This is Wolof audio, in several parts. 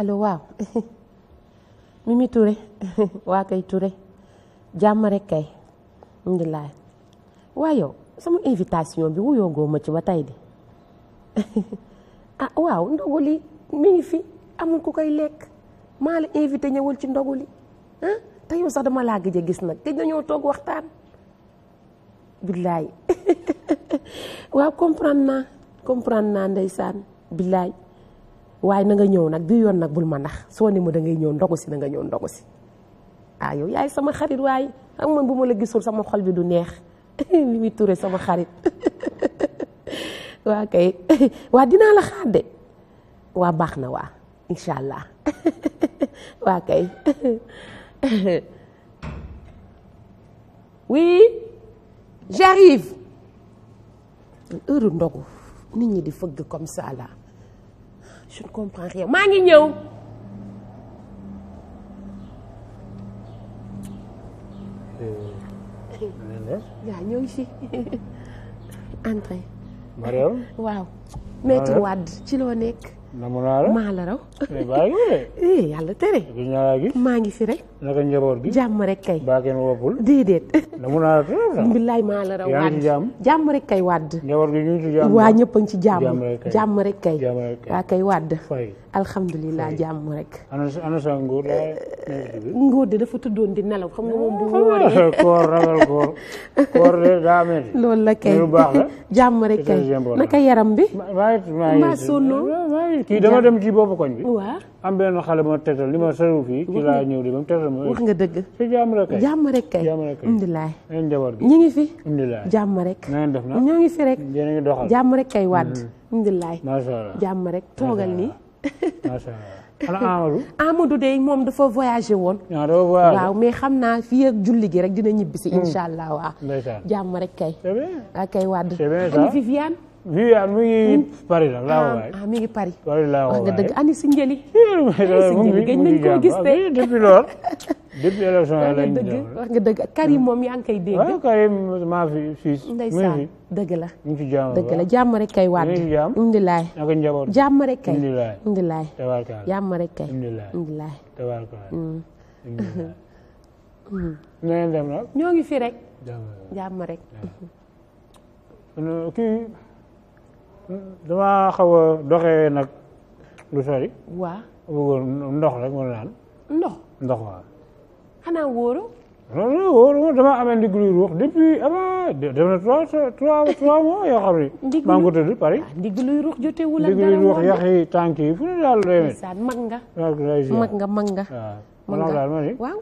allo waaw Mimi Touré waa kay Touré jàmm rek kay alhamdulilah waa yow sama invitation bi wuyoo goo ma ci ba tey de ah waaw ndogu li mi ngi fi amul ku koy lekk maa la invité ñëwal ci ndogu li ah te yow sax dama laa gëj a gis nag na nañoo toog waxtaan. billaay waaw comprendre naa comprendre naa ndeysaan billaay. waaye na nga ñëw nag bi yoon nag bul ma ndax soo ni ma da ngay ñëw ndogu si na nga ñëw ndogu si ah yaay sama xarit waaye xam man bu ma la gisul sama xol bi du neex li sama xarit waa kay waa dinaa la xaar waa baax na waa incha allah waa kay oui j'arrive heure ndogu nit ñi di fëgg comme ça je ne comprends rien maa ngi ñëw waaw euh, si entrée Mariam waaw maître Wade ci loo nekk namu naa la maa la raw. mais baa eh, ngi wéree. yàlla kay. baa dama naa raw billaay la kay wàdd njaboot gi ñu ci jàmm waa ñëpp a ngi ci jàmm jàmm rek kay waa kay rek ana sa ngóor la di nelaw xam nga moom bu wóoree koor ragal koor kay jàmm rek kay naka yaram bi maa sonno kii dama dem ci boppu koñ bi waaw am benn xale moo teetal li ma soriwul fii. wax nga dëgg. te jàmm rek kay jàmm rek kay. rek kay ñu ngi fi. jàmm rek. na ngeen def na ngi fi rek. yéen jàmm rek kay wàdd. Mm-hmm. alhamdulilah macha allah jàmm rek toogal nii. macha allah de moom dafa voyagé woon. ah waaw mais xam naa fii julli gi rek dina ñibbisi. Mm. incha allah waaw. jàmm rek kay. c'est bien. ak ah, kay wàdd. Viviane mu ngi hmm? Paris la laa ah, waay ah mi ngi Paris. Paris laa waay wax nga dëgg ani si njëli. mu ngi gëj nañ koo gis de. depuis loolu depuis élection yi lañ wax nga dëgg Karim moom yaa ngi koy dégg. waaw ah, Karim maa fi fii. ndeysaan dëgg la mu ngi fi jàmm dëgg la jàmm rek kay waat. indilaay naka njaboot jàmm rek kay. indilaay indilaay jàmm rek kay. indilaay tabarkaay hmm. hmm. na ngeen dem nag. ñoo ngi fi rek. jàmm rek. kii. damaa xaw a doxee nag lu sori. waaw bëggoon ndox rek ma naan. ndox ndox waaw. xanaa wóoroo. non non wóoruma damaa amee ndigg depuis avant ah def na trois trois trois mois yoo xam ne. ndigg maa ngi ko tëdd Paris. Ah, ndigg luy ruux jotewul ak dara ndigg luy ruux yax yi tànk mag nga. mag nga mag nga. waaw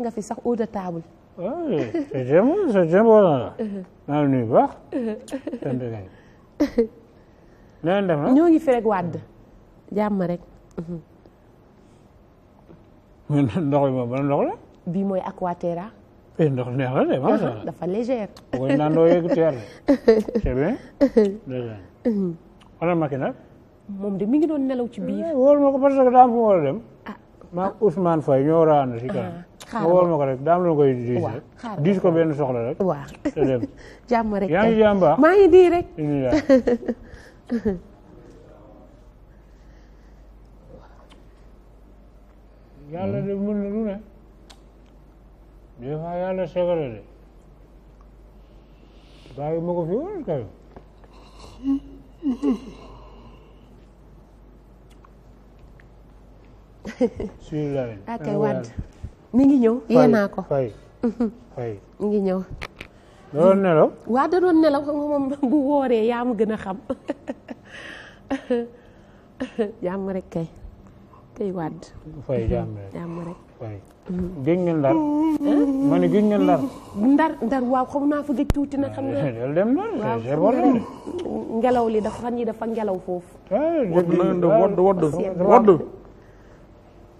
nga fi sax eau na ñoo ngi fi rek wàdd jàmm rek. ndox bi moom ban ndox la. bii mooy Aquaterra. Eh, dafa légère. booy naan doo yëg teer c'est bien. Mhm. ana Macky moom de mi ngi doon nelaw ci biir. Eh, wóor ma ko parce que daa am war dem. maa Ousmane Faye ñoo raanu si kanam. Ah, ma woo ma daam la koy. waaw xaaral diis ko benn soxla rek. waaw te rek yaa maa ngi di rek. yàlla de mën na lu ma ko fi woon kay. suñu kay wadd mi ngi ñëw yee naa ko fay fay ngi ñëw. da da doon nelaw xam nga bu wooree yaa mu gën a xam jàmm rek kay kay wadd. fay jàmm rek jàmm rek. ndar. Hmm? ma ne gëj ndar. ndar ndar waaw xam naa fa tuuti nag. xam nga dem na ngelaw li dafa fan yi dafa ngelaw foofu. Eh, wadd wadd.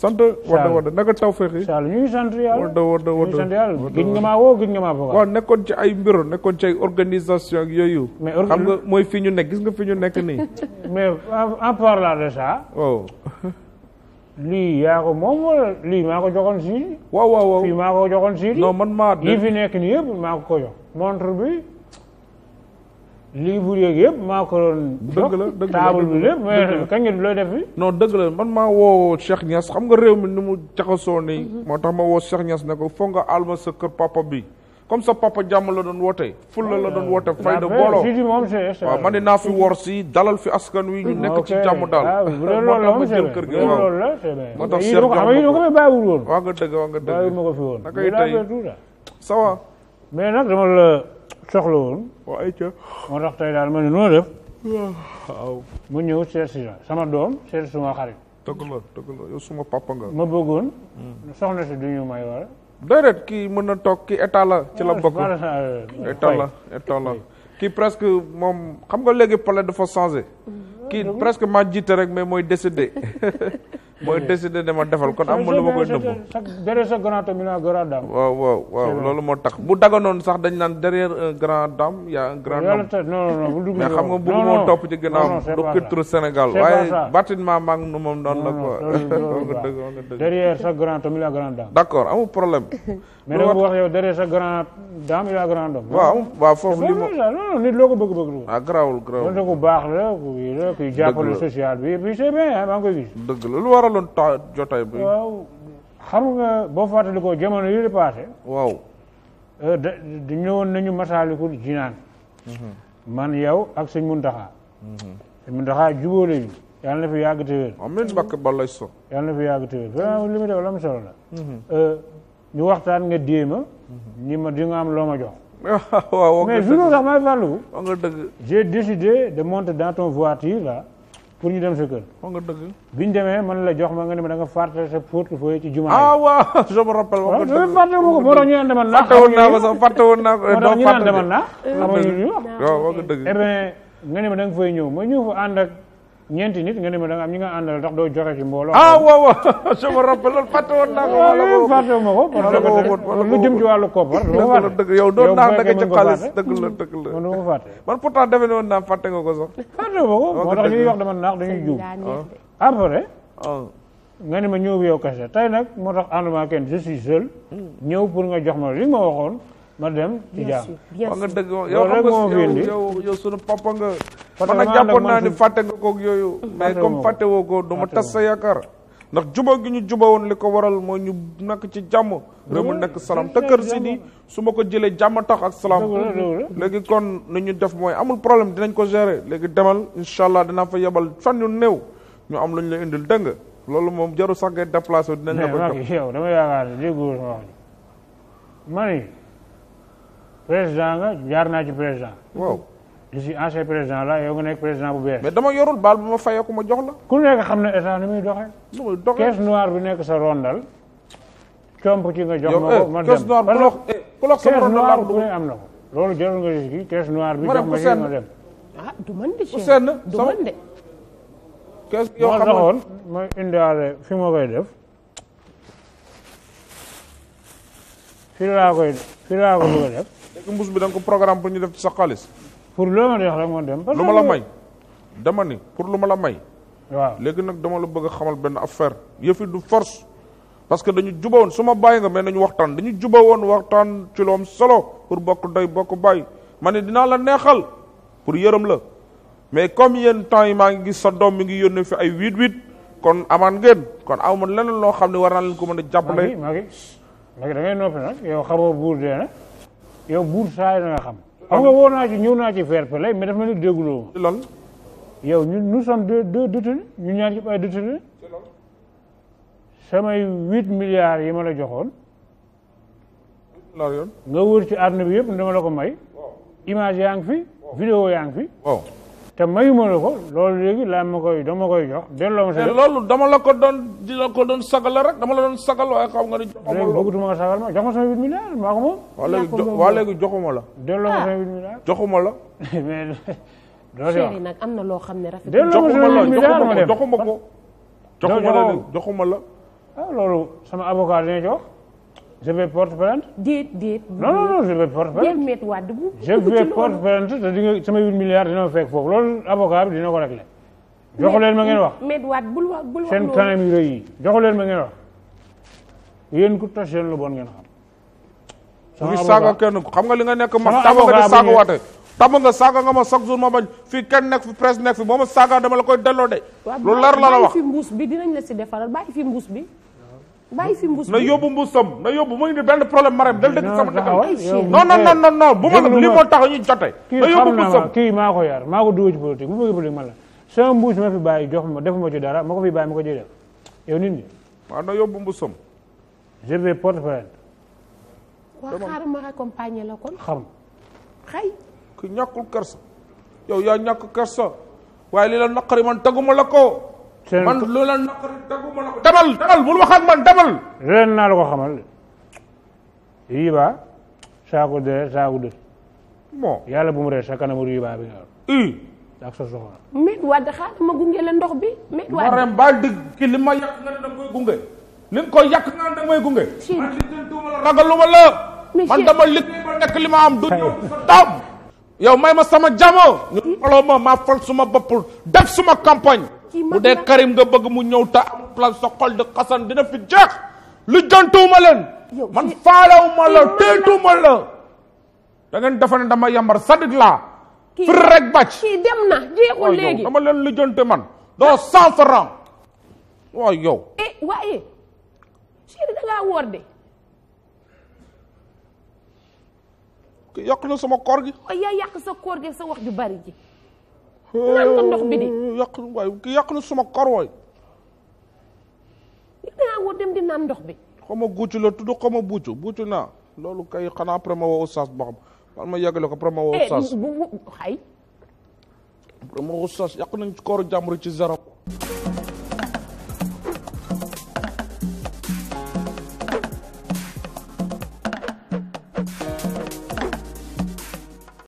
sant warda warda naka taw feexi Sall ñu ngi sant yàlla nga maa woo gëj nga maa fa waaw nekkoon ci ay mbiro nekkoon ci ay organisation ak yooyu xam mooy fi ñu nekk gis nga fi ñu nekk nii mais a parlant de ça oh lii yaa ko moom wala lii maa ko joxoon Sidi waaw waaw waaw fii maa ko joxoon Sidi man maa yi fi nekk nii yëpp ko ko montre bi lii bu yëg yëpp maa ko doon. dëgg la dëgg la taabal bi lépp mais kañ looy maa woo Cheikh Niass xam nga réew mi ni mu jaxasoo nii. Mhm. moo tax ma woo Cheikh Niass ne ko foog nga alma sa kër papa bi comme sa papa jàmm la doon woote. fulla la doon woote fayda ah, booloo. waaw man de naa fi wor si dalal fi askan wi ñu mm, nekk ci jàmm daal. moo tax ma jël kër gi waaw moo tax Cheikh nga dëgg waaw nga dëgg. naka yi tey ça soxla woon. waaye ca moo tax daal ma ne lu ma def. mu ñëw seet si la sama doom seet suma xarit. dëgg la dëgg la suma papa nga. ma bëggoon. Hmm. soxna si du ñu may wala. déedéet kii mën na toog kii état la ci la bokk. état la état la kii presque moom xam nga léegi palais dafa changé. Hmm. kii ah, presque maa jiite rek mais mooy décédé. mooy décidé dama defal kon am ma lu ma koy nëbbu. waaw loolu moo tax bu daganoon sax dañ naan derrière grand dame y a grand homme. non non bu mais xam nga bëgg moo topp ci ginnaaw du culture Sénégal waaye bâtiment maa nu moom noonu la quoi. derrière chaque grand homme il y a grand dame. d' accord amul problème. mais dama wax yow derrière chaque grand dame il a grand homme. waaw waaw foofu li mu. non nit loo ko bëgg bëgg. ah garaawul garaawul. loolu ku baax la kuy jàppale social bi. dëgg la waraloon ta jotaay bi. waaw xam nga boo fàttalikoo jamono yii di paase. waaw. Euh, da ñëwoon nañu masaalikul jinaan mhm. man yow ak sëñ Muntaxa. Mhm. sëñ Muntaxa jubóo lañu. yàlla na fi yàgg te wér. amiin Mbàkke Balla so. fi yàgg te wér ma def la am solo la. Mhm. Euh, ñu waxtaan nga déema. ni ma di nga am loo ma jox. waaw mais jour sax may fàllu. nga dëgg. décidé de monter dans voiture pour ñu dem sa kër. wax nga dëgg. bi ñu demee man la jox ma nga ne ma da nga fàtte sa portefeuille ci jumaa. ah waaw je me rappelle. wax nga ah, dëgg fàtte wu ko moo tax ñu naan demal naa. fàtte woon naa ko sax fàtte woon naa ko. moo tax ñu naan demal naa. xam nga ñu ñu wax. waaw wax nga dëgg. eh bien nga ne ma da nga fay ñëw ma ñëw fa ànd ak ñeenti nit nga ne ma da am ñi nga àndal doo joxe ci mbooloo. ah waaw waaw rab loolu fàtte woon naa ko. wala ko fàtte ma ko parce que da nga ca xaalis dëgg ma ko moo tax ñuy ah. Ah. moo tax ànduma kenn je suis seul. ñëw pour jox ma li ma waxoon ma dem. ci jaam nga dëgg yow xam nga sunu papa man nag jàppoon naa ni fàtte nga koog yooyu mais comme fàtte woo ko du tas sa yaakaar ndax jubóo gi ñu woon li ko waral moo ñu nekk ci jàmm réew mu nekk salaam te kër si nii su ma ko jëlee jàmm tax ak salaam léegi kon ni ñu def mooy amul problème dinañ ko gérer léegi demal incha allah dinaa fa yebal fan yu néew ñu am lu la indil dégg loolu moom jarul sax ngay déplacé dinañ la ko jox yow dama yaakaar ne déggoo ci président je suis ancien président la yow nga nekk président bu bees. mais dama yorul baal bu ma fayee ku ma jox la. ku nekk xam na état ni muy doxee. nu muy doxee caisse noire bi nekk sa rondal. comp ci nga jox ma ko eh, ma dem caisse noire ku la eh, caisse noire ku ne am na ko. loolu jarul nga gis kii caisse noire bi. ma dem ma dem ma dem. ah du man de. ku seen du man de. caisse yoo xam ne moo taxoon ma indiwaale fi ma koy def. fii laa koy fii laa ko bëgg a def. léegi mbuus bi da nga ko programme pour ñu def ci sa xaalis. pour loo ma neex dem. lu ma la may dama ni pour lu ma la may. waaw léegi nag dama la bëgg a xamal benn affaire yëf yi du force. parce que dañu jubawoon su ma bàyyi nga mais nañu waxtaan dañu jubawoon waxtaan ci loom solo pour bokk doy bokk bàyyi ma ne dinaa la neexal pour yërëm la mais comme yenn temps yi maa ngi gis sa doom mi ngi yónnee fi ay huit huit kon amaan ngeen kon aw ma leneen loo xam ne war naa leen ko mën a jàppale. maa ngi maa ngi da ngay noppi nag yow xamoo buur dee na yow buur saay na nga xam. xam nga woo naa ci ñëw naa ci fair play mais dafa mel ni dégguloo ma. loolu. yow ñun nous sommes deux deux détenus ñu ñaar ñëpp ay détenus. samay huit milliards yi ma la joxoon. nga wër ci àdduna bi yëpp dama la ko may. image yaa ngi fi. vidéo yaa fi. te mayuma la ko loolu léegi laa ma koy dama koy jox delloo ma sa eh, loolu dama la ko doon sagal la rek dama la doon sagal waaye xam nga ni léegi bëggatuma sagal ma jox ma sama huit milliards maa ko moom waa la delloo ma ah. sama huit na loo xam ne rafet joxuma la joxuma ko joxuma la ah, sama avocat dina jox je vais porter plainte. déet déet. non non non je vais porter plainte. sama 8 milliards dina ma fekk foofu loolu avocat dina ko réglé. joxu leen ma ngeen wax met waat bul seen kanam yu rëy yi joxu leen ma ngeen wax yéen ku tos yéen lu bon ngeen xam. fi saaga kenn xam nga li nga nekk ma tàmm nga di saaga waate tàmm nga ma chaque jour ma bañ fii kenn nekk fi presse nekk fi boo ma saaga dama la koy delloo de. loolu leer la la wax fi mbuus bi dinañ la si defaral bàyyi fi mbuus bi. bàyyi fi mbuus na yóbbu mbuusam na yóbbu mu indi benn problème marem dal dëkk sama dëkk non non non non non bu ma li moo tax ñu jote na yóbbu mbuusam kii maa ko yar maa ko dugal ci politique bu bëggee politique man la sama mbuus ma fi bàyyi jox ma defuma ci dara ma ko fi bàyyi ma ko jëlee yow nit ñi waaw na yóbbu mbuusam je vais porte plainte waaw xaaral ma la kon xam xay ku kersa yow yaa ñàkk kersa waaye li la naqari man taguma la ko man loola naqari dagguma la ko demal demal bul wax ak man demal. ren naa la ko xamal riba saako de saako bu mu ree sa kanamu riba bi nga ak sa soxna. mais ma gunge la ndox bi. mais waa Marème baal dëgg ki li ma la man dama liggéey ba nekk ma am du ñëw sa may ma sama jamono. ñu xoloo ma maa fal suma bopp def suma campagne. bu dee Karim nga bëgg mu ñëw ta am place sa xol di xasan dina fi jeex lu jantuwuma leen man faalawuma la teetuma la da ngeen defe ne dama yambar sadik laa fir rek bàcc kii dem na jeexul léegi dama leen lu jante man doo cent franc waaw yow eh, waaye chéri da ngaa woor de yàq na sama koor gi waaye yaa sa koor gi sa wax ju bari ji naan nga ndox bi di yàq waay ki yàq na suma kor waay dangaa woo dem di naan ndox bi xama guucu la tudd xama buucu buucu naa loolu kay xanaa après ma woo oustaz ba ma yàggale ko après ma woo eh, oustaz xay après ma woo oustaz yàq nañ ci kooru